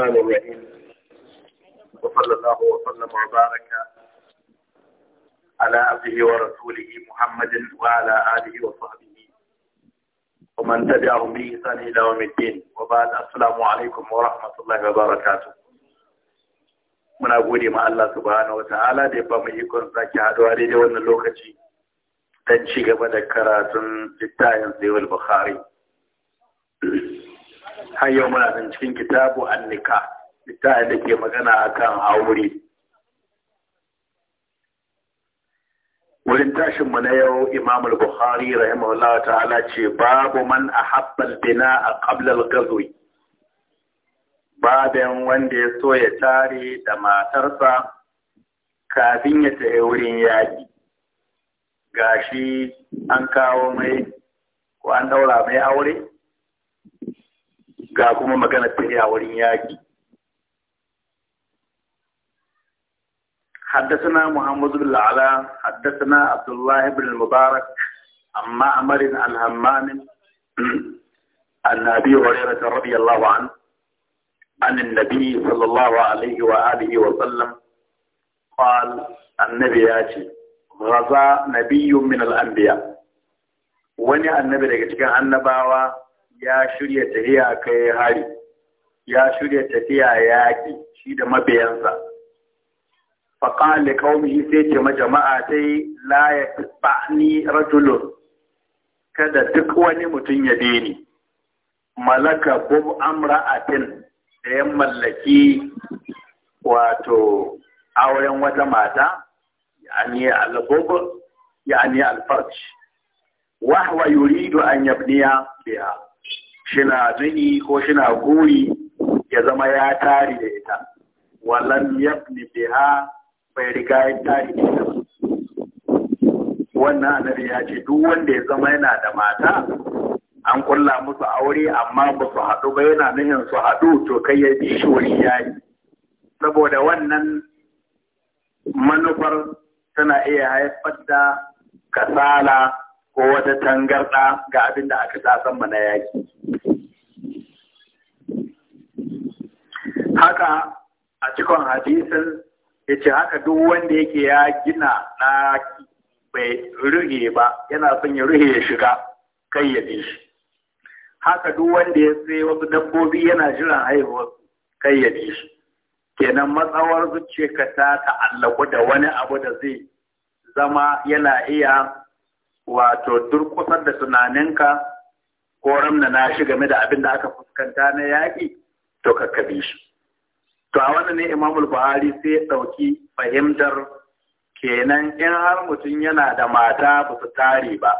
الرحمن الرحيم وصلى الله وسلم وبارك على عبده ورسوله محمد وعلى آله وصحبه ومن تبعهم بإحسان إلى يوم الدين وبعد السلام عليكم ورحمة الله وبركاته muna gode ma Allah subhanahu wa ta'ala da ya ba mu ikon sake haduwa daidai wannan lokaci don ci gaba da karatun littafin Sayyid Bukhari har yau muna nan cikin kitabu annika littafin da ke magana akan aure wurin tashin mu na yau Imam al-Bukhari rahimahullah ta'ala ce babu man ahabba al bina a al-ghazwi babin wanda ya so ya tare da matarsa kafin ya tafi wurin yaƙi gashi an kawo mai ko an daura mai aure ga kuma magana tafiya wurin yaƙi حدثنا محمد بن العلاء حدثنا عبد الله بن المبارك عن معمر عن همام عن ابي هريره رضي الله عنه عن النبي صلى الله عليه واله وسلم قال النبي ياتي غزا نبي من الانبياء وني النبي daga cikin annabawa ya shirya tafiya kai hari ya shirya tafiya yaƙi shi da mabiyansa faƙan da ƙaumihi sai ce ma jama'a sai la ya ni ratulun. kada duk wani mutum ya bi ni malaka Amra atin da ya mallaki wato auren wata mata yani al yani al wa huwa yuridu an yabniya biha shina zuni ko shina guri ya zama ya tari da ita ya yabni biha bai riga ya tari da ita wannan annabi ya ce duk wanda ya zama yana da mata an kulla musu aure amma ba su haɗu ba yana nuhin su haɗu to kai ya bi shi wani yayi saboda wannan manufar tana iya haifar da kasala ko wata tangarɗa ga abin da aka sasan mana yaki. Haka a cikon hadisin ya ce haka duk wanda yake ya gina ɗaki bai ruhe ba yana son ya ruhe ya shiga kai ya bi shi. Haka duk wanda ya sai wasu dabbobi yana jiran haihuwa kai ya bi shi. Kenan matsawar zuciyarka ta ta'allaku da wani abu da zai zama yana iya wato durƙusar da tunaninka ko ramna na shi game da abin da aka fuskanta na yaƙi to kakkabe shi to a wannan ne imamul buhari sai ya ɗauki fahimtar kenan in har mutum yana da mata ba su tare ba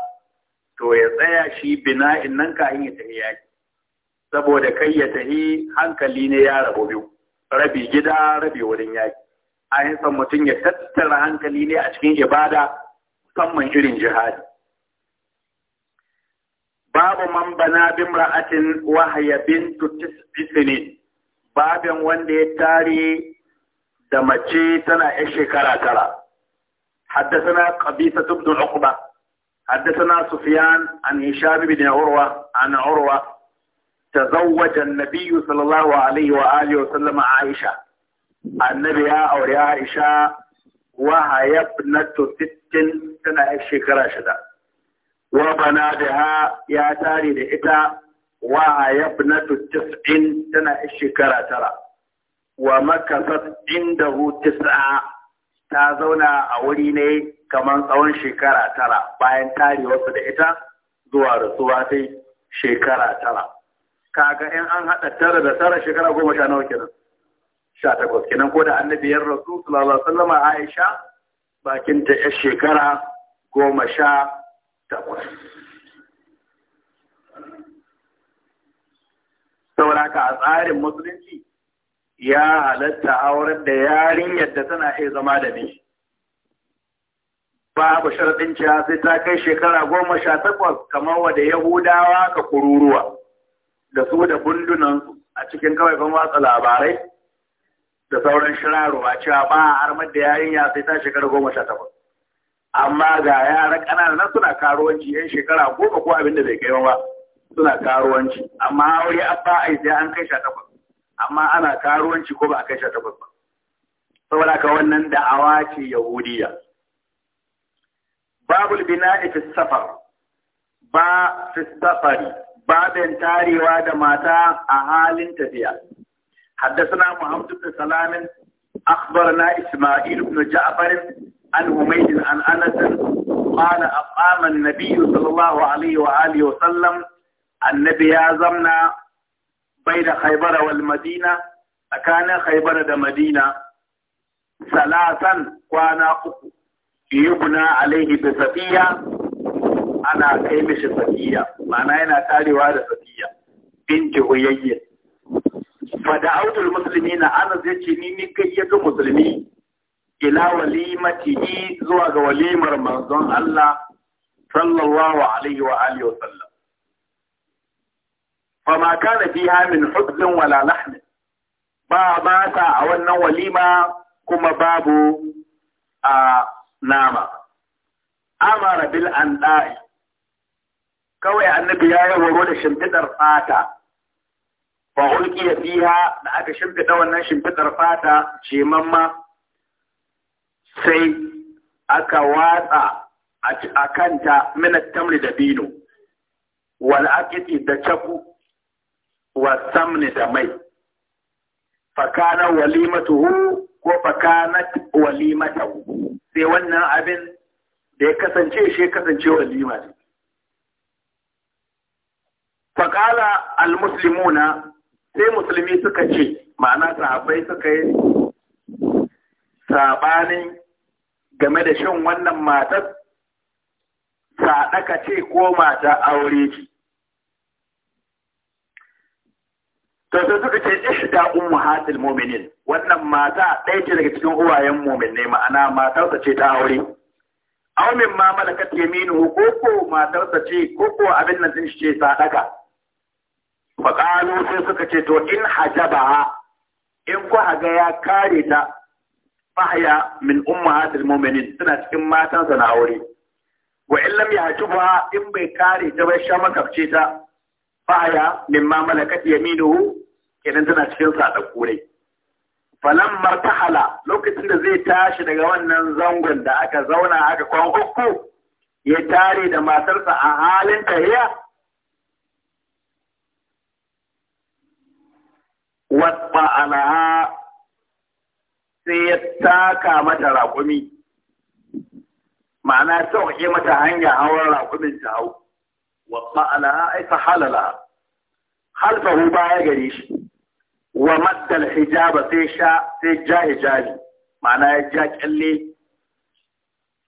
to ya tsaya shi bina in nan ka ya tafi yaƙi saboda kai ya tafi hankali ne ya rabu biyu rabi gida rabi wurin yaƙi a yin mutum ya tattara hankali ne a cikin ibada musamman irin jihadi babu man bana bimra'atin wahaya bintu tis'isini babin wanda ya tare da mace tana ya shekara tara حدثنا قبيصة بن عقبة حدثنا سفيان عن هشام بن عروة عن عروة تزوج النبي صلى الله عليه وآله وسلم عائشة النبي أو عائشة وهي ابنة ست سنة الشكرة شدة wa bana Ha ya tare da ita wa yabnatu tis'in tana shekara tara wa makasat indahu tis'a ta zauna a wuri ne kamar tsawon shekara tara bayan tare wasu da ita zuwa rasuwa sai shekara tara kaga in an haɗa tara da tara shekara goma sha nawa kenan sha takwas kenan ko da ya rasu sallallahu alaihi wasallama aisha bakin ta shekara goma sha saboda ka a tsarin musulunci ya halatta auren da yarinyar da tana iya zama da miji babu sharaɗin cewa sai ta kai shekara goma sha takwas kamar wadda yahudawa ka kururuwa da su da bundunan a cikin kawai ban watsa labarai da sauran shirarwa cewa ba a armar da yarinya sai ta shekara goma sha takwas amma ga yara ƙanana nan suna karuwanci yan shekara goma ko abin da bai kai ba suna karuwanci amma aure an ba a sai an kai sha takwas amma ana karuwanci ko ba a kai sha takwas ba saboda ka wannan da'awa ce yahudiya babul bina'i fi safar ba fi safari babin tarewa da mata a halin tafiya حدثنا محمد بن سلام na إسماعيل بن جعفر عن حميد عن أنس قال أقام النبي صلى الله عليه وآله وسلم النبي يا زمنا بين خيبر والمدينة أكان خيبر دا مدينة ثلاثا وانا يبنى عليه بسفية أنا كيمش سفية معناه أنا تالي وهذا سفية بنت هيي فدعوت المسلمين أنا زيتي نيني كي يدو مسلمين ila walimatihi zuwa ga walimar manzon Allah sallallahu alaihi wa alihi wa sallam fama kana fiha min hubzin wala lahn ba ba ta a wannan walima kuma babu a nama amara bil andai kawai annabi ya yi horo da shimfidar fata fa ulqiya fiha da aka shimfida wannan shimfidar fata ce mamma sai aka watsa a kanta minat tamri da bino wal ce da caku wa samni da mai fakana hu ko fakanat hu sai wannan abin da ya kasance shi kasance walima ne fakala almuslimuna sai musulmi suka ce ma'ana sahabbai suka yi sabanin game da shin wannan matar sadaka ce ko mata aure ce to sai suka ce ishda ummahatil mu'minin wannan mata ɗaya ce daga cikin uwayen ne ma'ana matarsa ce ta aure aw min ma malakat yaminu ko ko matarsa ce ko ko abin nan din ce sadaka fa qalu sai suka ce to in hajaba in ku haga ya kare ta mahaya min ummahatil mu'minin suna cikin matansa na aure wa in lam yahjuba in bai kare ta bai sha makafce ta mahaya min ma malakat yaminuhu kenan tana cikin sadakku kore. falan martahala lokacin da zai tashi daga wannan zangon da aka zauna aka kwan uku ya tare da matarsa a halin tahiya wasfa alaha sai ya taka mata raƙumi ma'ana sauƙaƙe mata hanya hawan raƙumin ta hau wa ma'ana ai fa halala hu baya gare shi wa maddal hijaba sai sha sai ja hijabi ma'ana ya ja kyalle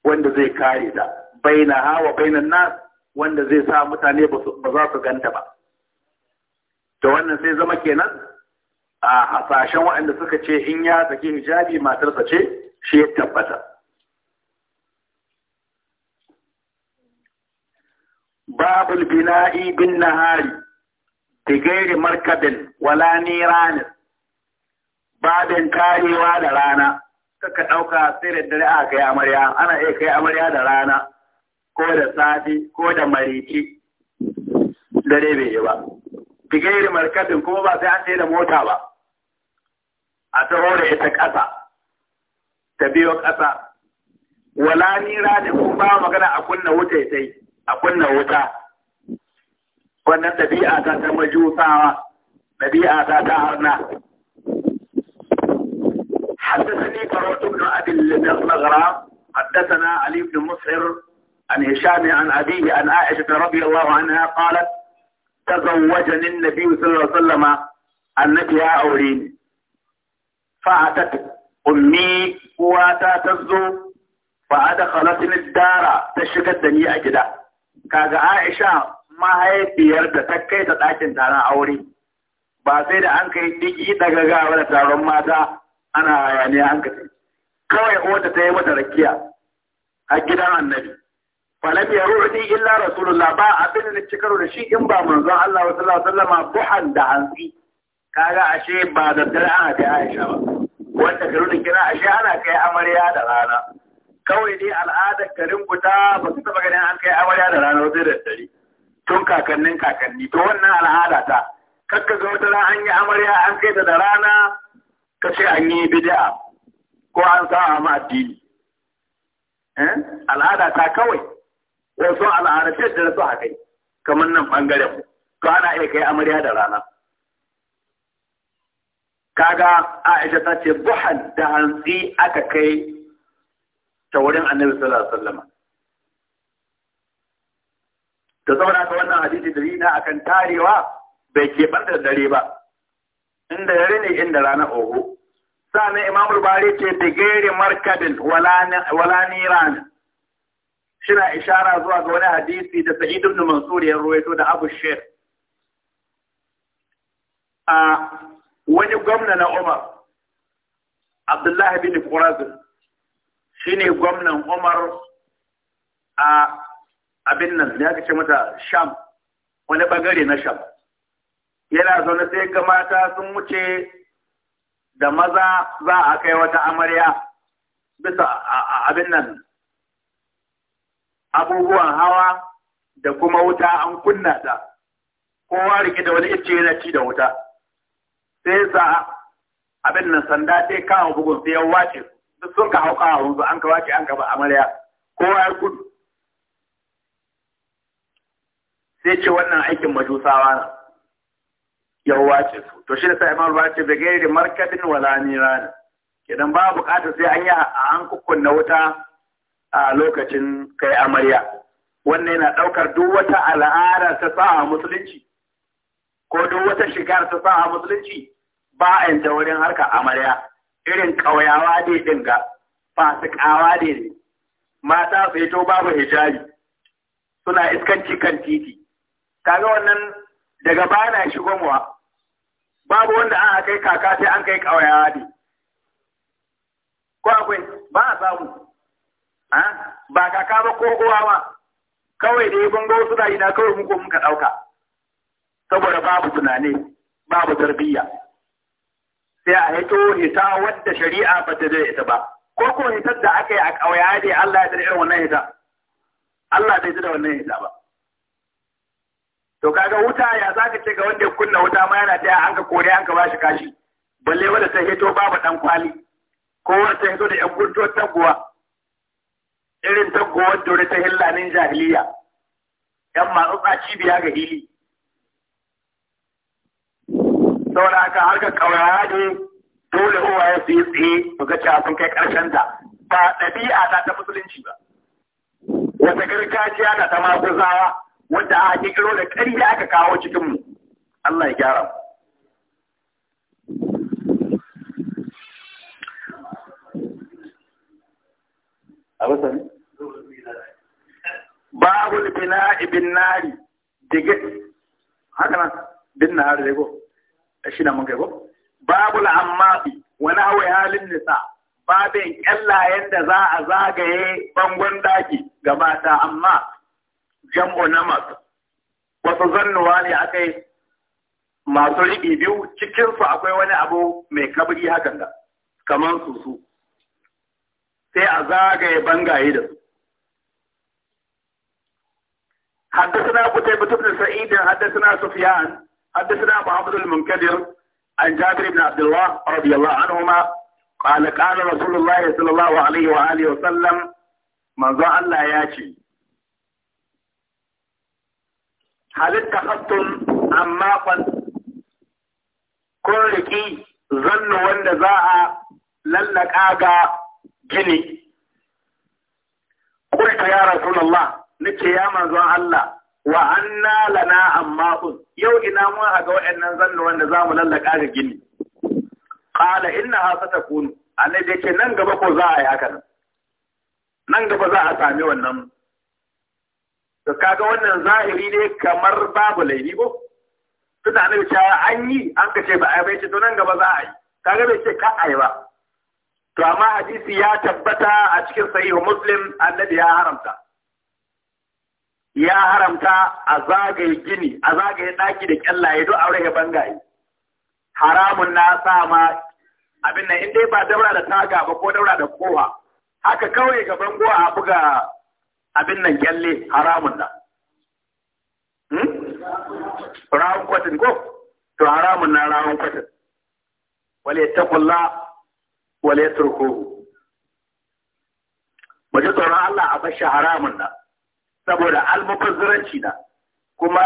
wanda zai kare ta baina hawa bainan nas wanda zai sa mutane ba za su ganta ba to wannan sai zama kenan a hasashen waɗanda suka ce in ya zaki hijabi matarsa ce shi ya tabbata babul bina'i bin nahari tigairi markabin wala ranar. babin karewa da rana suka ɗauka sai da dare a kai amarya ana iya kai amarya da rana ko da safi ko da mariki dare bai yi ba tigairi markabin kuma ba sai an sai da mota ba a taho da ita ƙasa ta biyo ƙasa wala nira ne kun ba magana a kunna wuta sai a kunna wuta حدثني كروت بن أبي المغرام حدثنا علي بن مسعر عن هشام عن أبيه عن عائشة رضي الله عنها قالت تزوجني النبي صلى الله عليه وسلم النبي يا fa'atat ummi uwata ta zo fa'ada khalatin dara ta shigar da ni a gida kaga Aisha mahaifiyar ta kai ta ɗakin taron aure ba sai da an kai diki daga gawa da taron mata ana hayaniya an kace kawai wata ta yi mata rakiya a gidan annabi falam ya ruɗi illa rasulullah ba abin da da shi in ba manzon Allah sallallahu alaihi wasallama buhan da hanzi kaga ashe ba da dare ana kai Aisha ba wanda garin da kira ashe ana kai amarya da rana kawai dai al'adar garin guda ba su taba ganin an kai amarya da rana wajen da dare tun kakannin kakanni to wannan al'ada ta kakka ga wata an yi amarya an kai ta da rana ka ce an yi bid'a ko an sa a addini eh? al'ada ta kawai wasu al'adace da su haka kamar nan bangaren to ana iya kai amarya da rana kaga Aisha ta ce buhan da hantsi aka kai ta wurin Annabi sallallahu alaihi wasallam to saboda ka wannan hadisi da na akan tarewa bai ke banda dare ba inda dare ne inda rana oho sannan Imam Bukhari ce gere markadin wala Shi shina ishara zuwa ga wani hadisi da Sa'id ibn Mansur ya ruwaito da Abu Shaykh a wani gwamna na Umar Abdullahi bin Qurazin shine gwamnan Umar a abin nan Ya kace mata Sham wani bagare na Sham yana zaune sai ga mata sun wuce da maza za a kai wata amarya bisa abin nan abubuwan hawa da kuma wuta an kunna ta kowa rike da wani ice yana ci da wuta sai sa abin nan sanda sai kawo bugun sai ya wace su. sun ka hau kawo hunzu an ka wace an ka ba amarya kowa ya gudu sai ce wannan aikin majusawa na ya wace su to shi da sai imam ba ce da markadin wala ne. kidan ba bukata sai an yi a an kukkunna wuta a lokacin kai amarya wannan yana daukar duk wata al'ada ta sa musulunci ko duk wata shigar ta sa musulunci ba a yanta wurin harka amarya irin ƙauyawa ne ɗin ga fasikawa ne ne mata su babu hijabi suna iskanci kan titi kaga wannan daga baya na shigo muwa babu wanda aka kai kaka sai an kai ƙauyawa ne ko akwai ba a samu ba kaka ba ko uwa ba kawai da yi bango suna yi na kawai muku muka ɗauka saboda babu tunani babu tarbiyya sai a hito hita wadda shari'a ba ta zai ita ba ko ko hitar da aka yi a ƙauya ne Allah ya tsare irin wannan hita Allah bai da wannan hita ba to kaga wuta ya sa-ka ce ga wanda ya kunna wuta ma yana taya an ka kore an ka bashi kashi balle wanda ta hito babu dan kwali ko wanda ta hito da yan guntuwar taguwa irin taguwar dore ta hillanin jahiliya yan matsatsa cibiya ga hili saboda haka harkar kauraya ne dole uwa ya yi tsaye su ga cewa sun kai karshen ta ba ɗabi'a ta ta musulunci ba wata gargajiya na ta zawa wanda a kikiro da ƙarya aka kawo cikin mu Allah ya gyara mu babu ibin nari diga haka nan bin nari ko shi na mun babu al'ammafi wani hawa halin nisa babin kyallayen da za a zagaye bangon daki ga mata amma na masu wasu zannuwa ne akai masu riɓi biyu cikinsu akwai wani abu mai kabri hakan da kamar su sai a zagaye bangaye da su حدثنا قتيبة بن سعيد حدثنا سفيان حدثنا محمد المنكدر عن جابر بن عبد الله رضي الله عنهما قال قال رسول الله صلى الله عليه وآله وسلم من ذا الله ياتي هل اتخذتم عماقا كل zannu wanda za a lallaka ga gini. Kulta ya Rasulallah, nake ya manzon Allah, wa anna lana kun? yau ina mun a ga waɗannan zannuwan da zamu lallaka ga gini qala ha satakun annabi yake nan gaba ko za a yi haka nan gaba za a sami wannan to kaga wannan zahiri ne kamar babu laifi ko da annabi cewa an yi an ka ce ba a bai ce to nan gaba za a yi kaga bai ce ka a yi ba to amma hadisi ya tabbata a cikin sahihu muslim annabi ya haramta ya haramta a zagaye gini a zagaye ɗaki da kyallaye duk aure ya bangaye haramun na sa ma abin nan inda ba daura da taga ba ko daura da kowa haka kawai ga bango a buga abin nan kyalle haramun na hmm? rawun kwatin ko to haramun na rawun kwatin wale takulla wale turko mu ji tsoron Allah a bashi haramun nan saboda almubazziranci da, kuma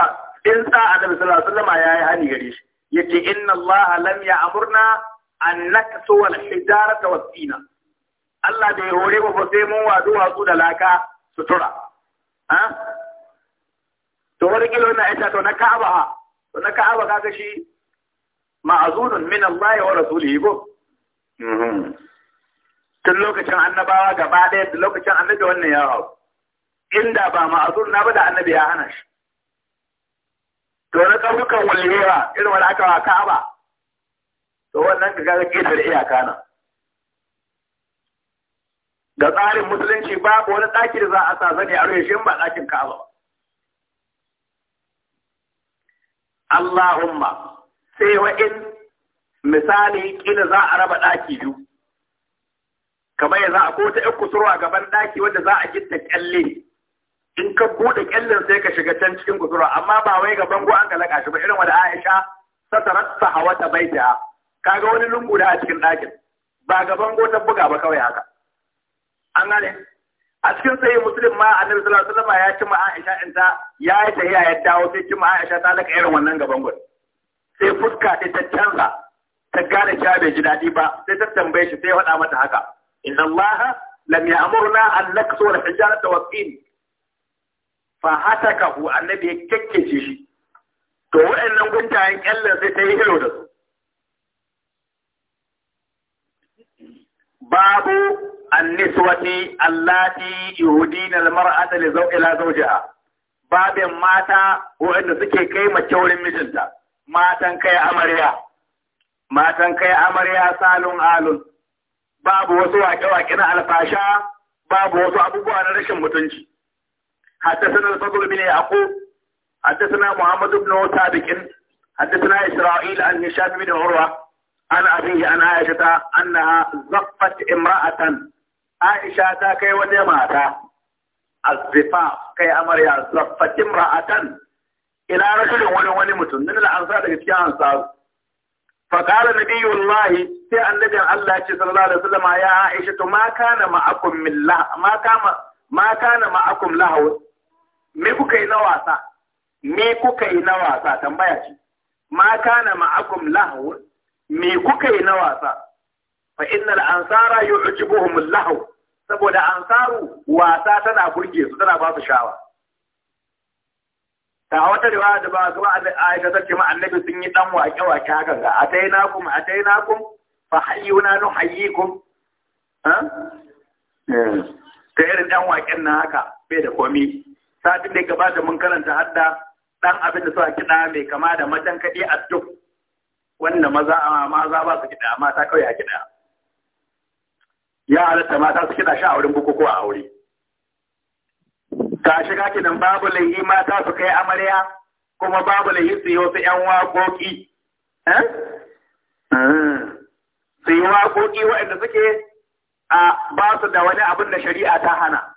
in sa annabi sallallahu alaihi wasallam yayi hani gare shi yace inna allaha lam ya'murna an naksu wal hijarata was sina Allah bai hore ba sai mun wadu watsu da laka sutura ha to wani kilo na ita to na Ka'aba to na Ka'aba kaga shi ma'azunun min Allah wa rasulihi go mhm. tun lokacin annabawa gaba ɗaya tun lokacin annabi wannan ya hau inda ba ma'azur na ba da annabi ya hana shi to na ƙauyukan walewa irin wani aka wa ka'aba to wannan ka gaga ƙetare iyaka nan ga tsarin musulunci babu wani ɗaki da za a sa zane a rushe ba ɗakin ka'aba ba Allahumma sai wa in misali kila za a raba ɗaki biyu kamar ya za a kota kusurwa gaban ɗaki wanda za a gitta kyalle in ka buɗe kyallin sai ka shiga can cikin kusurwa. amma ba wai ga bango an laka shi ba irin wani Aisha satarat sahawata baita kaga wani lungu da a cikin ɗakin ba ga bango ta buga ba kawai haka an gane a cikin sai musulun ma annabi sallallahu alaihi wasallam ya ci ma Aisha in ta ya yi tahiya ya dawo sai ci ma Aisha ta laka irin wannan gaban bango sai fuska ta ta canza ta gane cewa bai ji daɗi ba sai ta tambaye shi sai ya faɗa mata haka inna allaha lam ya'murna an naksura hijarata wa fa hatakahu annabi ya kekkece shi to wa'annan guntayen kyallar sai ta yi hilo da su babu anniswati allati yuhdina almar'ata li la zawjiha babin mata waɗanda suke kai mace wurin mijinta matan kai amarya matan kai amarya salun alun babu wasu waƙe-waƙe na alfasha babu wasu abubuwa na rashin mutunci حدثنا الفضل بن يعقوب حدثنا محمد بن ثابت حدثنا إسرائيل عن هشام بن عروة عن أبيه عن عائشة أنها زقت امرأة عائشة تا كي ودماتا الزفاف كي أمر يا زقت امرأة إلى رجل ولي ولي متن من الأنصار لكي أنصار فقال نبي الله سي النبي الله صلى الله عليه وسلم يا عائشة ما كان معكم من له ما كان ما كان معكم لهو me kuka yi na wasa me kuka yi na wasa tambaya ce ma kana ma'akum lahu me kuka yi na wasa fa innal ansara yu'jibuhum lahu saboda ansaru wasa tana burge su tana ba su shawa ta wata riwaya da ba su ba aisha take ma annabi sun yi dan wake wake haka ga A A atainakum atainakum fa hayyuna nuhayyikum ha eh. ta irin dan waken nan haka bai da komi satin da ya gabata mun karanta hadda dan abin da suka kiɗa mai kama da matan kaɗe a duk wanda maza a maza ba su kiɗa mata kawai a kiɗa ya halatta mata su kiɗa shi a wurin bukukuwa a aure Ka shiga kiɗan babu laifi mata su kai amarya kuma babu laifi su yi wasu ƴan waƙoƙi eh? Eh. su yi waƙoƙi waɗanda suke a ba su da wani abin da shari'a ta hana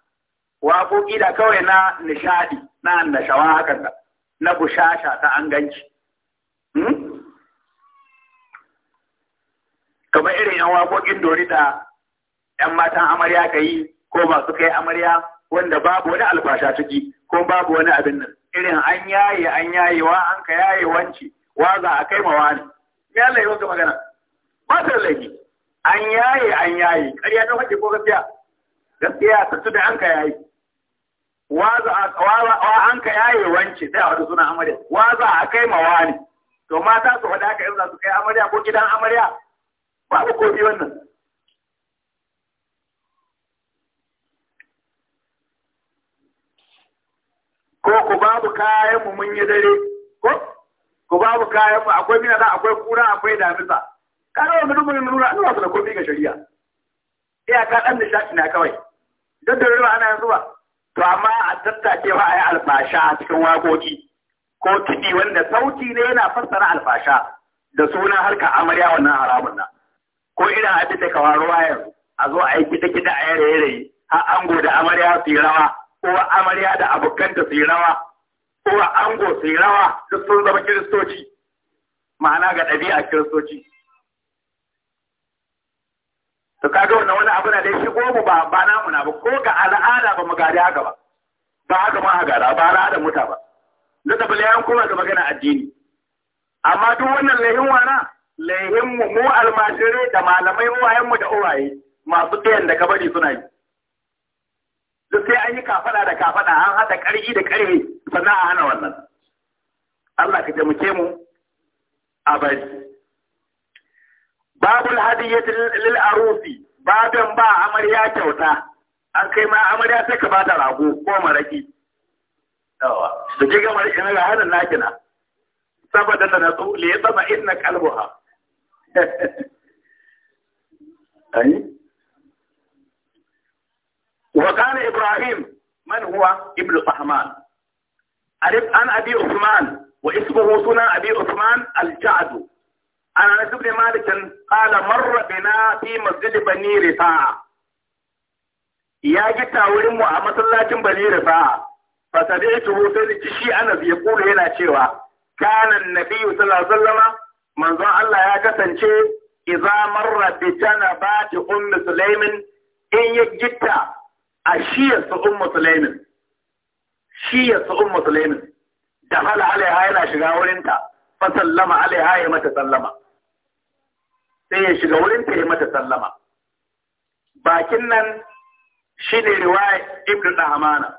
waƙoƙi da kawai na nishadi na annashawa hakan da na bushasha ta an ganci hmm? kamar irin yan waƙoƙin dori da yan matan amarya ka yi ko masu kai amarya wanda babu wani albasha ciki ko babu wani abin nan irin an yaye an yaye wa an ka yaye wanci wa za a kai mawa ne me Allah ya magana ba ta laifi an yaye an yaye ƙarya ta faɗi ko gaskiya gaskiya ta da an ka yaye wa an ka yaye wance sai a wata suna amarya wa za a kai mawa ne to mata su wada aka yi za su kai amarya ko gidan amarya babu ko bi wannan ko ku babu kayan mu mun yi dare ko ku babu kayan mu akwai mina akwai kura akwai damisa kada wani rubun nuna nuna su da kofi ga shari'a iyaka dan nishaɗi na kawai don da ana yanzu ba to amma a tattake ba a yi alfasha cikin wakoki ko kiɗi wanda sauti ne yana fassara alfasha da suna harka amarya wannan haramun nan ko irin abin da ka faruwa yanzu a zo a yi kiɗa-kiɗa a yare-yare a ango da amarya su yi rawa ko amarya da abokanta su yi rawa ko ango su yi rawa duk sun zama kiristoci ma'ana ga ɗabi'a kiristoci to kaga wannan wani abu na da shi mu ba ba mu na ba ko ga al'ada ba mu gari haka ba ba haka ma haka ba da muta ba da bala kuma ga magana addini amma duk wannan lahin wana lahin mu mu almajirai da malamai uwayen mu da uwaye masu tayan da kabari suna yi duk sai an yi kafada da kafada an hada karfi da karfi sannan a hana wannan Allah ka taimake mu a bari باب الهدية للأروس باب با أمريا كوتا أنكي ما أمريا سكبات العبو كو مركي تجيغ أمريا أنا هذا الناجنة ثبت أن نسو ليطمع إذن ألوها أي وكان إبراهيم من هو ابن صحمان عرف أن أبي عثمان واسمه سنة أبي عثمان الجعد عن انس بن مالك قال مر بنا في مسجد بني رفاعة يا جتا ورمو مسلاتين بني رفاعة فسمعته سيدي انس يقول هنا شيوا كان النبي صلى الله عليه وسلم manzon Allah ya kasance iza marra bi janabati ummu in ya gitta a shiyarsa ummu sulaimin shiyarsa ummu sulaimin da hal yana shiga wurinta fa sallama alaiha ya mata sallama sai ya shiga wurin ta yi mata sallama bakin nan shi ne riwaya ibn Dahmana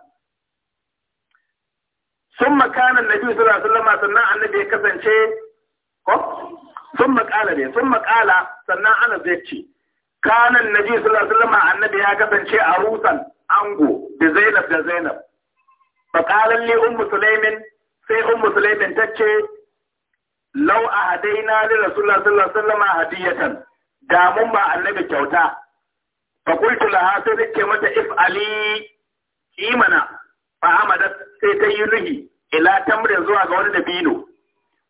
sun makanan na biyu alaihi sallama sannan annabi ya kasance ko sun makala ne sun makala sannan ana zai ce kanan nabi sallallahu alaihi wasallam annabi ya kasance a rusan ango da Zainab da Zainab faqalan li ummu sulaimin sai ummu sulaimin ta ce, lau a hadaina da rasulullah sallallahu alaihi wasallam hadiyatan da mun ba annabi kyauta fa qultu laha sai nake mata if'ali imana fa amada sai ta yi nuhi ila tamre zuwa ga wani dabino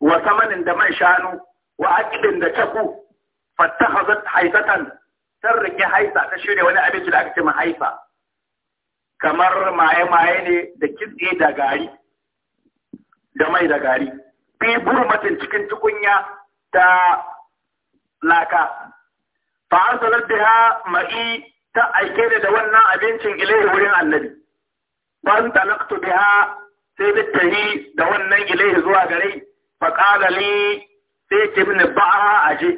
wa samanin da mai shanu wa akidin da taku fattahazat haisatan tarrike haifa ta shirya wani abinci da aka ce haifa kamar maye-maye ne da kitse da gari da mai da gari fi burmatin cikin tukunya ta laka fa da biha ma'i ta aike ni da wannan abincin ilai wurin annabi ban da biha sai littahi da wannan ilai zuwa gare fa qala sai sai mini ba a aje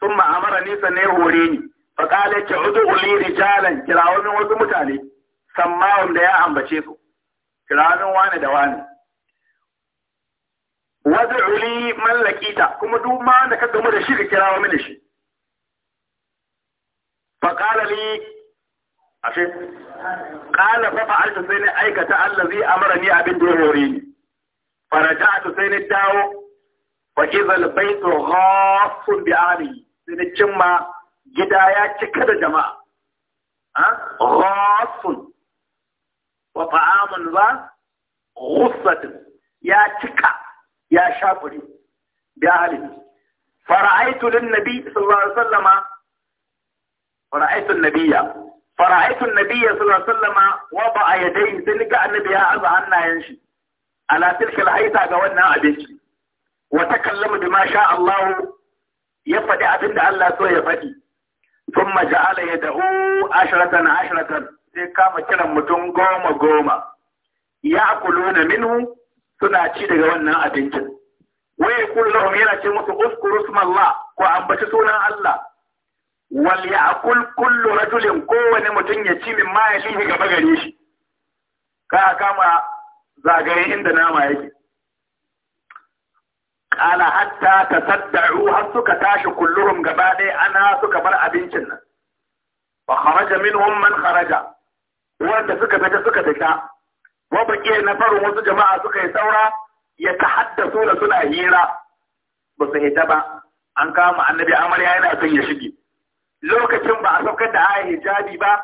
Sun ma'amara nisa ne hore ni fa qala ki udu li rijalan kirawo min wasu mutane samma'un da ya ambace su kirawo wani da wani wad'u li man laqita kuma duk ma da ka gamu da shi ka kirawo mini shi fa qala li ashe qala fa fa'altu sai ni aikata allazi ni abin da ya hore ni faraja'tu sai ni dawo fa idhal baytu ghaffun bi ahli sai ni cimma gida ya cika da jama'a ha ghaffun wa ta'amun za ghussatin ya cika ya Nabiya bi ahlihi fara'aitu lin nabi sallallahu alaihi wasallama nabiyya nabiyya sallallahu alaihi wasallama yadayhi sai ga annabi ya aza hannayen shi ala tilkal haita ga wannan abinci wa takallama bima sha Allah ya faɗi abinda Allah so ya faɗi ثم جعل يدعو عشرة عشرة sai kama kiran mutum goma goma ya kuluna minhu suna ci daga wannan abincin wai kullum lahum yana ce musu uskuru smallah ko ambaci sunan Allah wal a kullu rajulin kowane mutum ya ci min ma gaba gare shi ka kama zagaye inda nama yake kala hatta ta saddaru har suka tashi kullum gaba ɗaya ana suka bar abincin nan Ba kharaja min man kharaja wanda suka fita suka fita wa na farin wasu jama'a suka yi saura ya ta haddasu da suna hira ba su hita ba an kama annabi amarya yana son ya shige lokacin ba a saukar da aya hijabi ba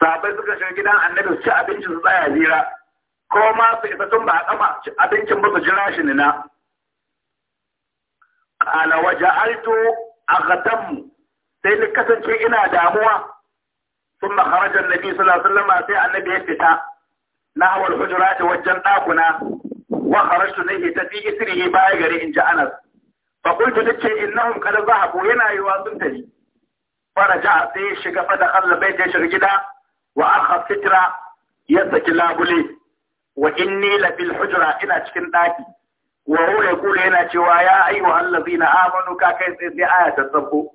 sabai suka shiga gidan annabi su ci abinci su tsaya hira ko ma su isa tun ba a kama abincin ba su jira shi nina qala a aghtamu sai ni kasance ina damuwa ثم خرج النبي صلى الله عليه وسلم سي النبي يفتح نحو الحجرات وجن داكنا وخرجت نهي تفي إسره باي غري إن أنس فقلت لك إنهم قد ذهبوا هنا يواصل تلي فرجع سي شقا فدخل البيت يشغل جدا وأخذ سترة يسك لابلي وإني لفي الحجرة إلى تشكن داكي وهو يقول هنا يا أيها الذين آمنوا كاكي سي آية الصبو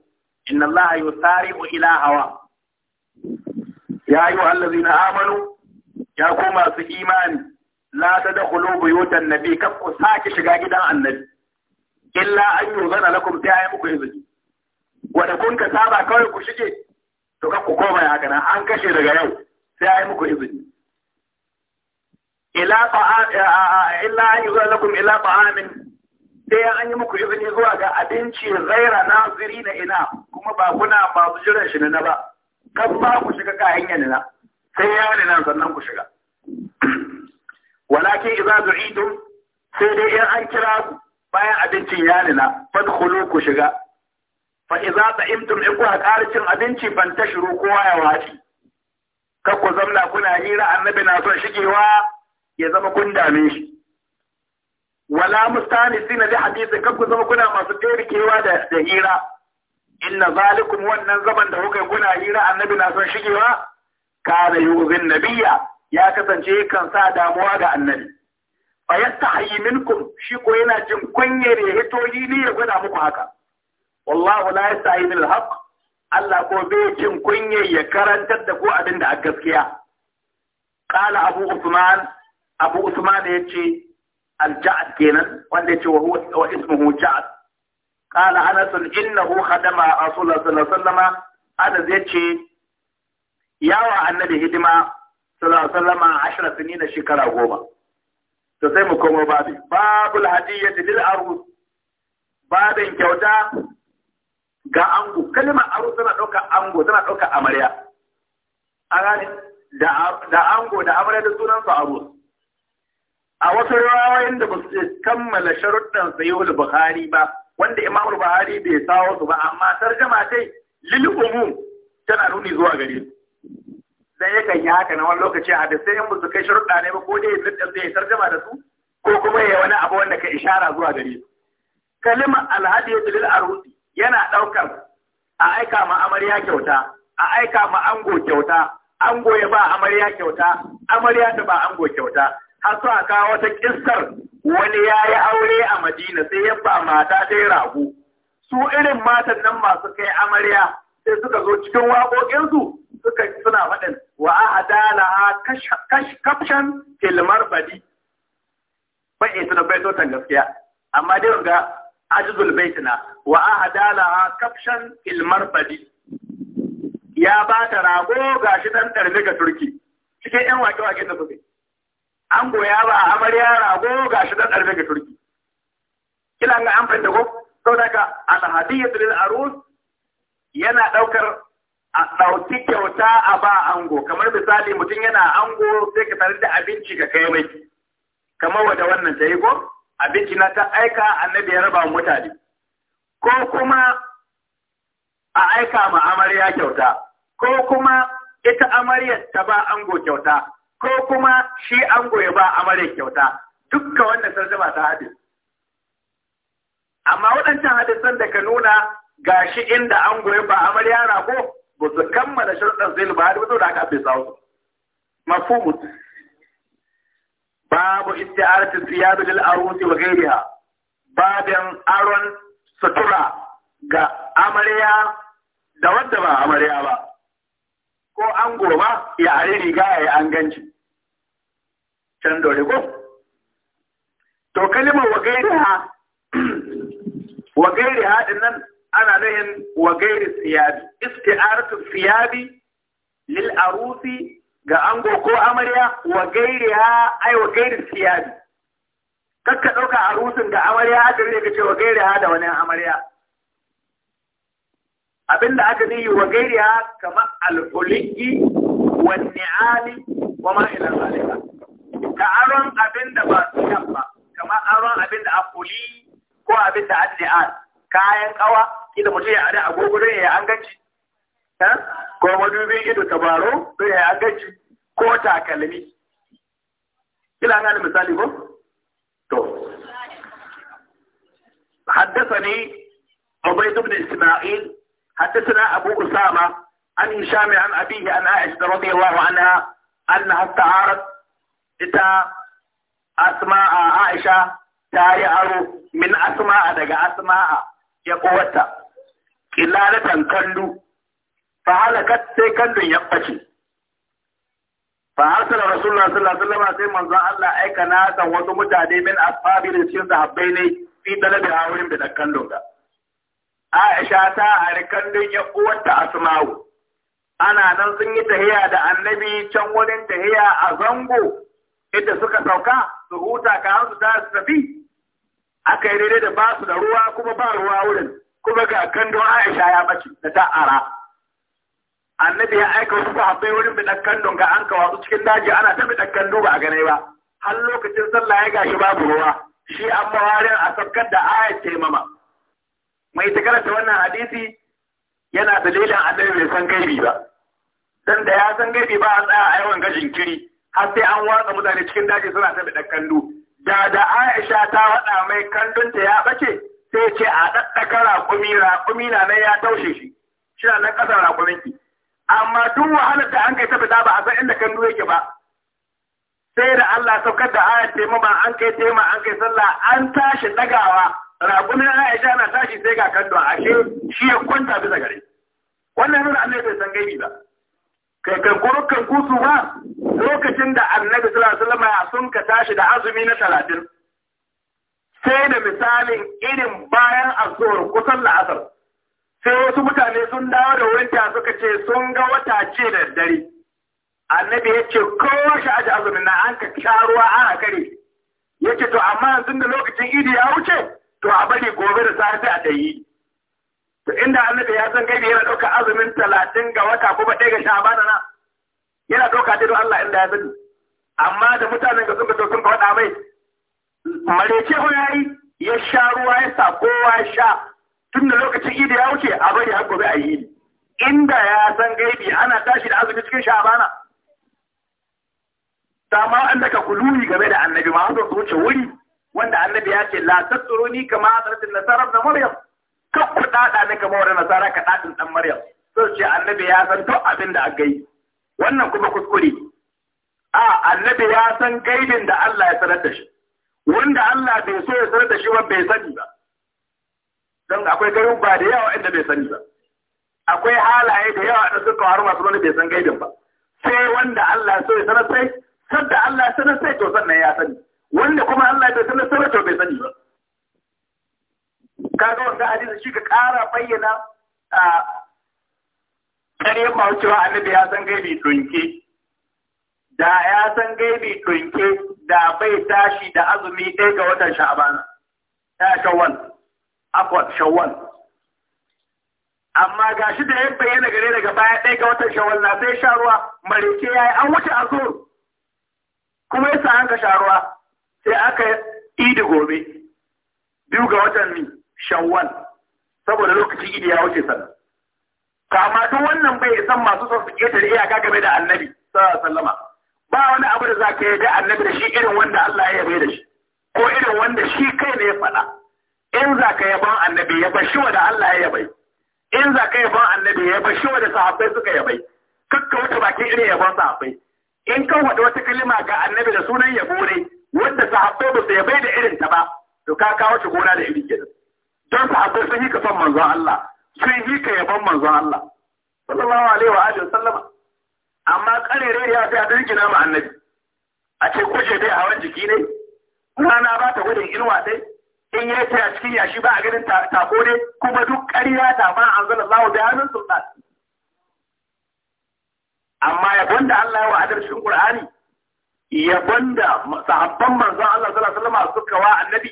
إن الله يسارع إلى هواه ya yi wa allazina amanu ya ku masu imani la ta da kulo buyutan nabi kaf sake shiga gidan annabi illa an yi yuzana lakum ta yi muku izini wanda kun ka saba kawai ku shige to kan ku koma ya haka an kashe daga yau sai yi muku izini ila ta'am illa an yuzana lakum ila ta'amin sai an yi muku izini zuwa ga abinci zaira ghaira na ina kuma ba kuna masu jiran shi na ba kan ba ku shiga kayan nan sai ya nan sannan ku shiga walakin idza du'itu sai dai in an kira ku bayan abincin ya nuna fadkhulu ku shiga fa idza ta'imtum in kuka ƙara cin abinci ban tashiru kowa ya wace kar ku zamna kuna hira annabi na son shigewa ya zama kun dame shi wala mustanisi na da hadisi kar ku zama kuna masu da da hira inna zalikum wannan zaman da kuka guna hira annabi na son shigewa kana yuzin nabiyya ya kasance kan sa damuwa ga annabi fa yastahi minkum shi ko yana jin kunyar ya hito ne ya gwada muku haka wallahu la yastahi min alhaq Allah ko bai jin kunya ya karantar da ku abin da a gaskiya qala abu usman abu usman yace al kenan wanda yace wa huwa wa ismuhu ja'd قال أنس إنه خدم رسول الله صلى الله عليه وسلم أنس يتشي يا النبي هدما صلى الله عليه وسلم عشر سنين شكرا غوما تسمى كومو باب الهدية للعروس باب كوتا ga ango kalma aro tana ɗauka ango tana ɗauka amarya a gani. da ango da amarya da sunan su aro a wasu rawayoyin da ba su kammala sharuɗan sayyul bukhari ba wanda Imam Buhari bai sawo su ba amma tarjama dai lil umum tana nuni zuwa gare su dan yakan yi haka na wani lokaci a da sai in ba kai sharuɗa ne ba ko dai zai zai tarjama da su ko kuma ya wani abu wanda ka ishara zuwa gare su kalimar alhadi lil arudi yana ɗaukar a aika ma amarya kyauta a aika ma ango kyauta ango ya ba amarya kyauta amarya ta ba ango kyauta har sa ka wata kissar wani ya yi aure a Madina sai ya ba mata ta yi rago. Su irin matan nan masu kai amarya sai suka zo cikin waƙoƙinsu suka suna faɗin wa ahadala kafshan filmar badi. Ban suna bai baitotan gaskiya, amma dai ga ajizul suna wa ahadala kafshan filmar badi. Ya ba ta rago gashi ɗan ɗarmi ga turki cikin 'yan waƙe waƙe-waƙe da suke. an goya ba a amarya rago ga shi dan ɗarfe ga turki kila ga an fanta ko saboda ka lil arus yana ɗaukar a ɗauki kyauta a ba ango kamar misali mutum yana ango sai ka tarar da abinci ka kai mai kamar wata wannan ta yi ko abinci na ta aika annabi ya raba mutane ko kuma a aika ma amarya kyauta ko kuma ita amaryar ta ba ango kyauta ko kuma shi an goyi ba amaryar kyauta dukka wannan tarjuma ta hadis amma waɗancan hadisan da ka nuna ga shi inda an goyi ba amar yara ko ba su kammala sharuɗan zai ba har wato da aka fi sawo mafhumu babu isti'aratu thiyab lil arusi wa ghayriha babin aron sutura ga amarya da wadda ba amarya ba ko an goma ya hari riga ya yi an ganci can dole ko to kalima wa gairi ha wa gairi ha din nan ana nuhin wa gairi siyabi artu siyabi lil arusi ga ango ko amarya wa gairi ha ai wa gairi siyabi kakka ɗauka arusin ga amarya haka ne ka ce wa gairi ha da wani amarya abinda aka yi wa gairiya kama alhuliki wa ni'ali wa ma ila zalika ka aron abinda ba su ba kama aron abinda akuli ko abinda addi'al kayan kawa kila mutum ya ada agogo don ya anganci. gaci ko madubin ido tabaro don ya an gaci ko takalmi kila an misali ko to حدثني عبيد بن اسماعيل حدثنا أبو أسامة عن هشام عن أبيه عن عائشة رضي الله عنها أنها استعارت إتا أسماء عائشة تايعر من أسماء دقى أسماء يقوتا قلالة كندو فهلكت سيكند يقشي فأرسل رسول الله صلى الله عليه وسلم سي منزل الله أيك ناسا وسمتها من أصحابي لسيون صحابيني في طلب عاورين بدكندو ده Aisha ta hari kallon ya uwanta Asma'u. Ana nan sun yi tahiya da annabi can wurin tahiya a zango inda suka sauka su huta ka su ta tafi. Aka yi daidai da ba su da ruwa kuma ba ruwa wurin kuma ga kando Aisha ya bace da ta ara. Annabi ya aika wasu sahabbai wurin bidan don ga an wasu cikin daji ana ta bidan kando ba a gane ba. Har lokacin sallah ya gashi babu ruwa. Shi an mawarin a sakkar da Aisha mama. mai ta karanta wannan hadisi yana dalilin annabi bai san gaibi ba dan da ya san gaibi ba a tsaya a yawan gajin kiri har sai an watsa mutane cikin daji suna ta da kandu da da Aisha ta wada mai kandunta ya bace sai ce a daddaka raƙumi raƙumi na nan ya taushe shi shi na nan raƙumin ki amma duk wahalar da an kai ta fita ba a san inda kandu yake ba sai da Allah saukar da ayat taimama an kai taimama an kai sallah an tashi ɗagawa. ya ana aisha na tashi sai ga kan ashe shi ya kwanta bisa gare wannan nuna annabi bai san gaibi ba kai kan kurukan kusu ba lokacin da annabi sallallahu alaihi wasallam sun ka tashi da azumi na talatin sai da misalin irin bayan azuwar kusan la'asar sai wasu mutane sun dawo da wurin ta suka ce sun ga wata ce da dare annabi ya ce kowa shi aji azumin na an ka sha ruwa ana kare yake to amma yanzu da lokacin idi ya wuce to a bari gobe da safe a tayi to inda annabi ya san gaibi yana ɗauka azumin talatin ga wata kuma ɗaya ga shabana na yana ɗauka ta don Allah inda ya sani amma da mutanen ga sun fito sun faɗa mai marece ko yayi ya sha ruwa ya sa kowa sha tun da lokacin idi ya wuce a bari har gobe a yi inda ya san gaibi ana tashi da azumin cikin shabana ta ma an kuluni game da annabi ma su wuce wuri wanda annabi ya ce la tasuruni kama asratin nasara da maryam kan ku dada ne kama wannan nasara ka dadin dan maryam so ce annabi ya san to abin da aka yi wannan kuma kuskure a annabi ya san gaibin da Allah ya sanar da shi wanda Allah bai so ya sanar da shi ba bai sani ba don akwai garin ba da yawa inda bai sani ba akwai halaye da yawa da suka faru masu wani bai san gaibin ba sai wanda Allah so ya sanar sai sadda Allah ya sanar sai to sannan ya sani wanda kuma Allah bai sanar nasara to bai sani ba kaga wanda hadisi shi ka ƙara bayyana a ƙaryen ma cewa annabi ya san gaibi tunke da ya san gaibi tunke da bai tashi da azumi ɗaya ga watan sha'ban ta shawwal akwat shawwal amma ga shi da ya bayyana gare daga baya ɗaya ga watan shawwal na sai sha ruwa ya yi an wuce azur kuma yasa an ka sharuwa? sai aka idi gobe biyu ga watan ni shawwal saboda lokacin idi ya wuce sannan kama duk wannan bai san masu son su ketare iyaka game da annabi sallallahu alaihi wasallama ba wani abu da za ka yi da annabi da shi irin wanda Allah ya yabe da shi ko irin wanda shi kai ne ya faɗa in za ka annabi ya bashi wa da Allah ya yabe in za ka annabi ya bashi wa da sahabbai suka yabe kakka wata baki irin yaban sahabbai in kan wata wata kalima ga annabi da sunan yabo ne wanda sahabbai ba su yabai da irin ta ba to ka kawo shi gona da irin gidan. don sahabbai sun yi ka son manzon Allah sun yi ka yaban manzon Allah sallallahu alaihi wa alihi sallama amma karere ya fi a gina ma annabi a ce kuje dai wani jiki ne rana ba ta gudun inuwa dai in ya ce a cikin yashi ba a ganin tako ne kuma duk ƙarya ta ma an zala lawo da hannun sultan amma yabon da Allah ya wa'adar shi Qur'ani yabon da sahabban manzon Allah sallallahu alaihi wasallam suka wa annabi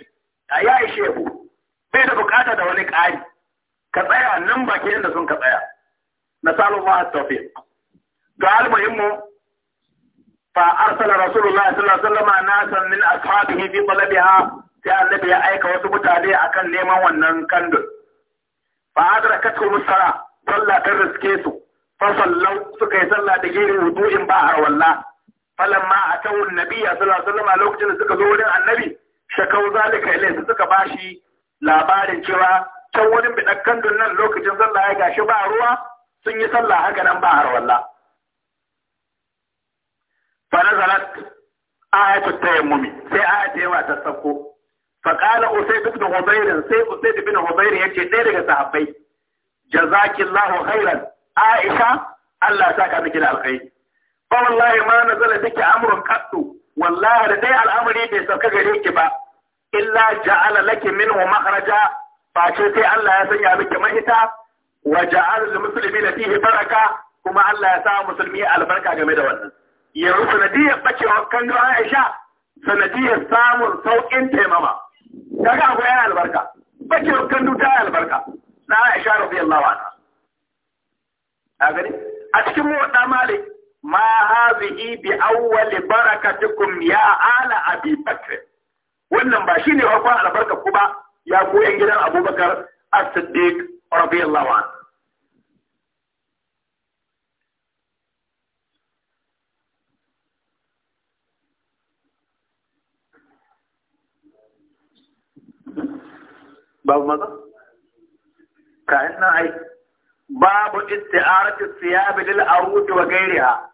ya ishe ku bai da bukata da wani ƙari ka tsaya nan baki inda sun ka tsaya na salu ma tawfiq ga almuhimmu fa arsala rasulullahi sallallahu alaihi wasallam nasan min ashabihi fi talabiha sai annabi ya aika wasu mutane akan neman wannan kandun fa adrakatu musara sallah ta riske su fa sallau suka yi sallah da girin wudu'in ba har wallahi falamma atawu nabiyya sallallahu alaihi wasallam lokacin da suka zo wurin annabi shakau zalika su suka bashi labarin cewa can wurin bidakkan nan lokacin sallah ya gashi ba ruwa sun yi sallah haka nan ba harwalla fa nazalat ayatu tayammumi sai ayatu yawa ta sako fa qala usayd ibn hudayr sai usayd ibn hudayr yace dai daga sahabbai jazakillahu khairan aisha Allah ya saka miki da alkhairi ba wallahi ma nazala biki amrun qattu wallahi da dai al'amari bai sauka gare ki ba illa ja'ala laki minhu makhraja ba ce sai Allah ya sanya miki mahita wa ja'ala lil muslimina fihi baraka kuma Allah ya sa musulmi albarka game da wannan yanzu sanadiyar bacewa kan Aisha sanadiyar samun saukin taimama kaga akwai yana albarka bacewa kan duta albarka na Aisha radiyallahu anha a gani a cikin mu Malik ma hazihi bi awwali barakatukum ya ala abi bakr wannan ba shine farkon albarka ku ba ya ku yan gidan abubakar as-siddiq radiyallahu anhu babu maza kayan nan ai babu isti'aratu siyabi lil arud wa ghayriha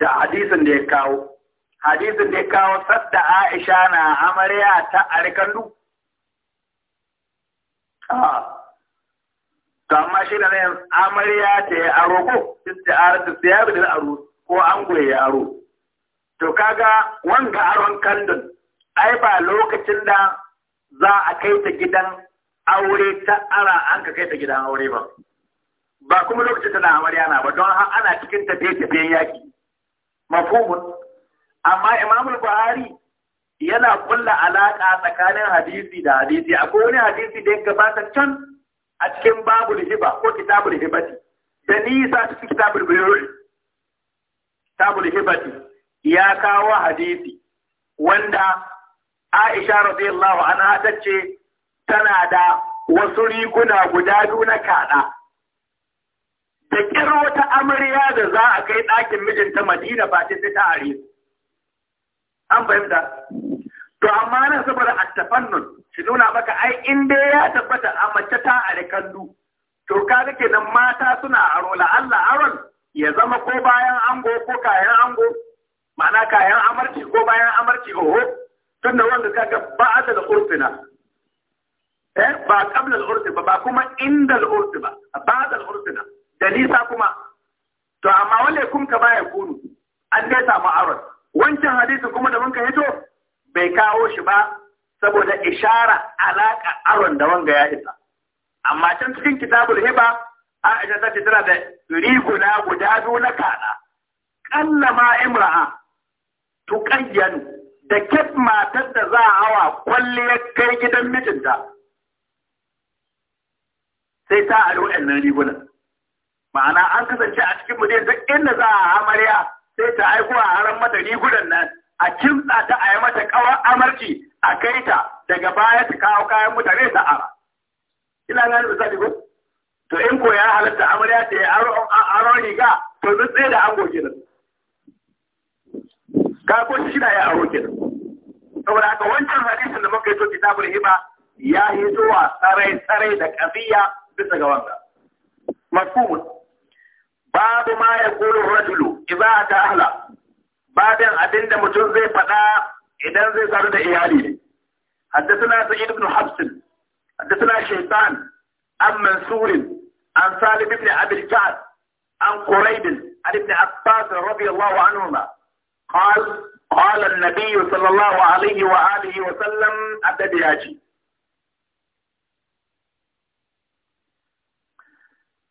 da hadisin da ya kawo hadisin da ya kawo sadda Aisha na amarya ta alkandu ah. to amma shi da nan amarya ta yi aro ko isti'ar da siyabi da aro ko an goye aro to kaga wanga aron kandun ai ba lokacin da za a kai ta gidan aure ta ara an ka kai ta gidan aure ba ba kuma lokacin tana amarya na ba don har ana cikin tafiye-tafiyen yaki mafhumun amma Imam Buhari yana kulla alaka tsakanin hadisi da hadisi akwai wani hadisi da ya gabata can a cikin babul hiba ko kitabul hibati da nisa cikin kitabul buyur kitabul hibati ya kawo hadisi wanda Aisha radiyallahu anha tace tana da wasu riguna guda biyu na kada da ƙyar wata amarya da za a kai ɗakin mijinta madina ba ta ta are an fahimta to amma nan saboda attafannun shi nuna maka ai in dai ya tabbata a mace ta are kallu to ka kaga kenan mata suna aro la Allah aron ya zama ko bayan ango ko kayan ango ma'ana kayan amarci ko bayan amarci oho Tun da wanda kaga ba da urfina eh ba qabla al-urfi ba ba kuma inda al-urfi ba ba da al-urfina da nisa kuma to amma wanda kun ka baya kunu an dai samu aron wancan hadisi kuma da mun ka hito bai kawo shi ba saboda ishara alaka aron da wanga ya isa amma can cikin kitabul hiba Aisha ta ce tana da riguna guda biyu na kaɗa kalla ma imra'a kayyanu da kif matar da za a hawa kwalliyar kai gidan mijinta sai ta a waɗannan rigunan ma'ana an kasance a cikin mutum duk inda za a amarya sai ta aiko a haran mata rigunan nan a kimsa ta a yi mata kawar amarci a kai ta daga baya ta kawo kayan mutane ta ara ina gani misali ko to in ko ya halatta amarya ta yi aron riga to duk tsaye da ango kenan ka ko shi na ya aro kenan saboda haka wancan hadisin da muka yi to kitabul hima ya yi zuwa tsare-tsare da kafiya bisa ga wanda باب ما يقول الرجل إذا أتى أهلا باب أدن مجل زي فتاة إذن زي سرد إيالي حدثنا سيد بن حفص حدثنا شيطان أم منصور أم سالم بن عبد الجعد عن قريب عن ابن عباس رضي الله عنهما قال قال النبي صلى الله عليه وآله وسلم أبدا بياجي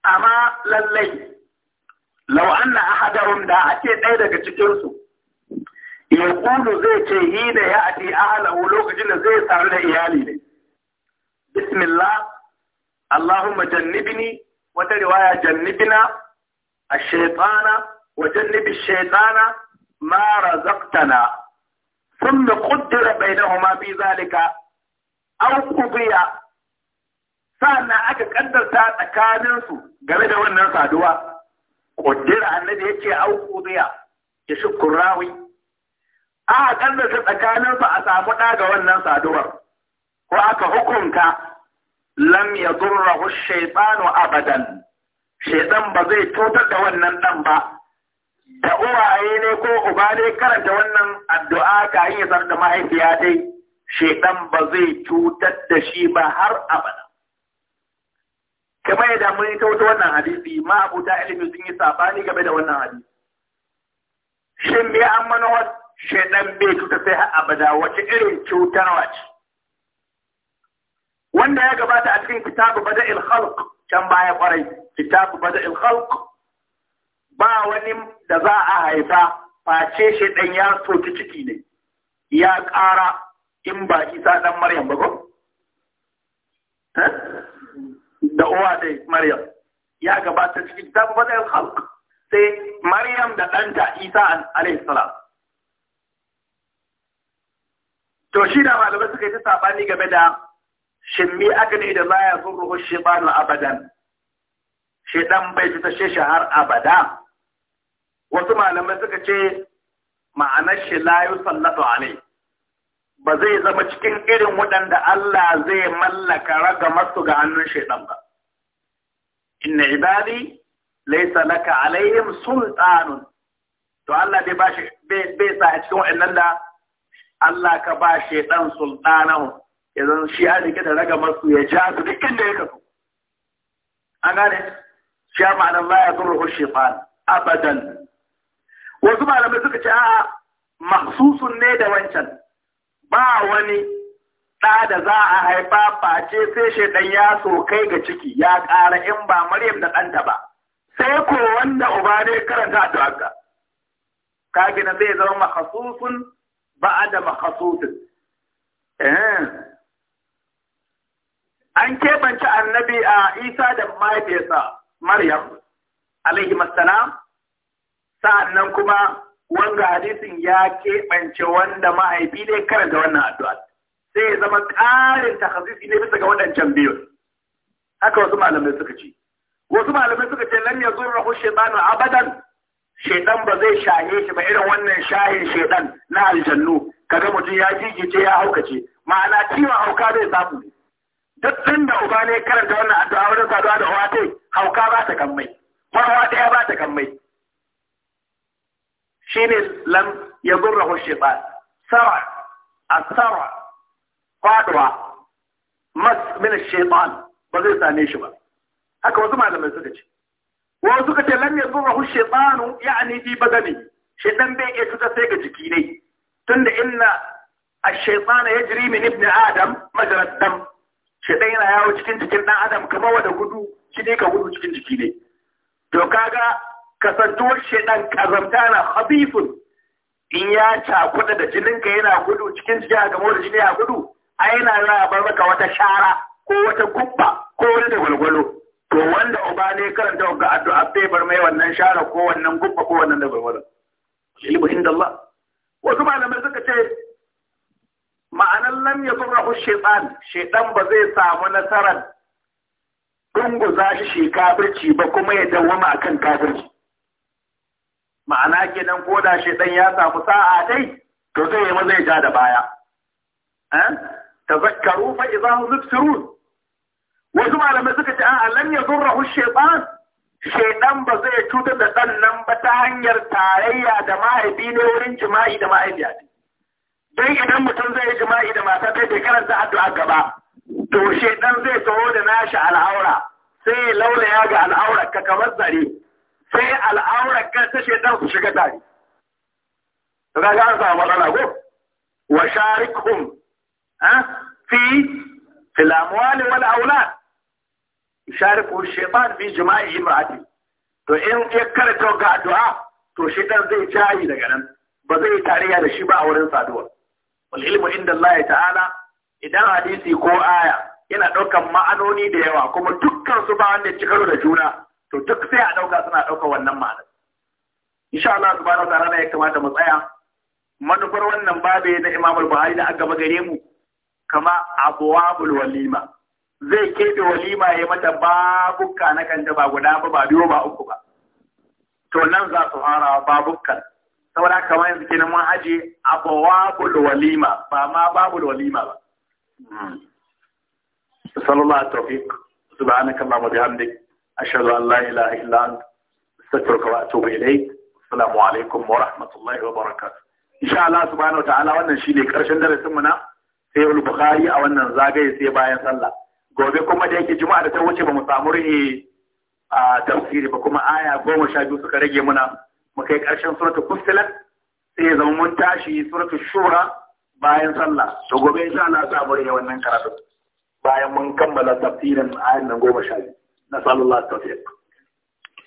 أما للليل lau anna ahadarum da ake ɗaya daga cikinsu ya kulu zai ce yi da ya ati ahalahu lokacin da zai saru da iyali ne bismillah allahumma jannibni wata riwaya jannibna الشيطان وجنب الشيطان ما رزقتنا ثم قدر بينهما في ذلك أو قضي سألنا أكا قدر ساعة كامل game da wannan saduwa Ƙudira annabi ya ce au ya shi kurrawi. A aƙalla ta a samu ɗaga wannan saduwar. Ko aka hukunta lam ya zurrahu shaitanu abadan. Shaitan ba zai cutar da wannan ɗan ba. Da uwaye ne ko uba ne karanta wannan addu'a kayan ya da mahaifiya dai. Shaitan ba zai cutar da shi ba har abada. kamar yadda mun yi ta wata wannan hadisi ma abuta ilimi sun yi sabani game da wannan hadisi shin me an manawar shaidan bai cuta sai har abada wace irin cutarwa ce wanda ya gabata a cikin kitabu bada ilhalk can baya kwarai kitabu bada ilhalk ba wani da za a haifa face shaidan ya soki ciki ne ya ƙara in ba isa ɗan maryam ba ko eh? uwa dai Maryam ya gabata cikin dabbatar halk sai Maryam da ɗanta Isa alaihi salam to shi da malamai suka yi ta sabani game da shin aka ne da laya sun ruhu shaytan abadan shaytan bai fita shi har abada wasu malamai suka ce ma'anar shi la yusallatu alaihi ba zai zama cikin irin waɗanda Allah zai mallaka raga masu ga hannun shaidan ba. inna ibadi laysa laka alaihim sultanun to Allah bai bashi bai sa a cikin wannan da Allah ka ba dan sultanahu yanzu shi ya rike da ragamar masu ya ja su dukkan da ya kaso an gane shi ya nan ba ya zurru shaytan abadan wasu malamai suka ce a'a mahsusun ne da wancan ba wani ɗa da za a haifa face sai shaidan ya so kai ga ciki ya ƙara in ba Maryam da ɗanta ba sai ko wanda uba ne karanta da haka ka gina zai zama makhasusun ba da makhasusin an kebanci annabi a isa da mahaifiyarsa maryam alaihi masalam nan kuma wanga hadisin ya keɓance wanda mahaifi ne karanta wannan addu'a sai ya zama ƙarin takhasisi ne bisa ga waɗancan biyun haka wasu malamai suka ce wasu malamai suka ce lam yazurruhu shaytanu abadan shaiɗan ba zai shaye shi ba irin wannan shayin shaiɗan na aljannu kaga mutum ya gigice ya haukace ma'ana ciwon hauka zai samu duk da uba ne karanta wannan addu'a wurin saduwa da uwa tai hauka ba ta kammai farwa ɗaya ba ta kammai ne lam yazurruhu Sawa, a sawa. faduwa mas min shaytan ba zai same shi ba haka wasu malamai suka ce wasu suka ce lam yadurruhu shaytanu ya'ni bi badani shaytan bai iya cuta sai ga jiki ne tunda inna ash-shaytan yajri min ibn adam majra dam shaytan yana yawo cikin jikin dan adam kamar wanda gudu shi ne ka gudu cikin jiki ne to kaga kasantuwar shaytan kazamta na khabifun in ya cakuɗa da jininka yana gudu cikin jiki ga gamo da jini a gudu ai yana za a bar maka wata shara ko wata gubba ko wani da gwalgwalo to wanda uba ne karanta ga addu'a bai bar mai wannan shara ko wannan gubba ko wannan da gwalgwalo ilmu inda Allah wasu malamai suka ce ma'anar lam ya zurrahu shaitan shaitan ba zai samu nasarar dunguza shi shi kafirci ba kuma ya dawwama akan kafirci ma'ana kenan ko da shaitan ya samu sa'a dai to zai yi maza ya ja da baya eh? tazakkaru fa idza hum mubsirun wasu malamai suka ce a'a lam yadurruhu shaytan shaytan ba zai cutar da dan nan ba ta hanyar tarayya da mahaifi ne wurin jima'i da mahaifiya dan idan mutum zai yi jima'i da mata ta bai karanta addu'a gaba to shaytan zai taho da nashi al'aura sai ya laulaya ga al'aurar ka kamar zare sai al'aurar ka ta shaidan su shiga tare. Kaga an samu matsala ko? Wa sharikhum في في الأموال والأولاد يشارك الشيطان في جماع امرأته to in ya karanta دعاء addu'a to زي zai jayi daga nan ba zai tarayya da shi ba a wurin saduwa wal ilmu inda Allah idan hadisi ko aya yana ɗaukan ma'anoni da yawa kuma dukkan su ba wanda ci da juna to duk sai a ɗauka suna ɗauka wannan ma'anar insha Allah subhanahu wa ta'ala ya kamata mu tsaya manufar wannan babe na Imam Buhari da aka gaba gare mu kama abuwabul walima zai keɓe walima ya mata babuka na kanta ba guda ba ba biyu ba uku ba to nan za su fara babukan saboda kamar yanzu kenan mun abu abuwabul walima ba ma babul walima ba sallallahu alaihi tawfiq subhanaka allahumma bihamdik ashhadu an la ilaha illa anta astaghfiruka wa atubu ilayk assalamu alaikum wa rahmatullahi wa barakatuh insha Allah subhanahu wa ta'ala wannan shine karshen darasin mu na sai bukari a wannan zagaye sai bayan sallah gobe kuma da yake juma'a da ta wuce ba mu samu rihe a tafsiri ba kuma aya goma sha biyu suka rage muna mu kai ƙarshen suratul fussilat sai ya zama mun tashi suratul shura bayan sallah to gobe insha Allah za mu rage wannan karatu bayan mun kammala tafsirin ayan nan goma sha biyu na sallallahu alaihi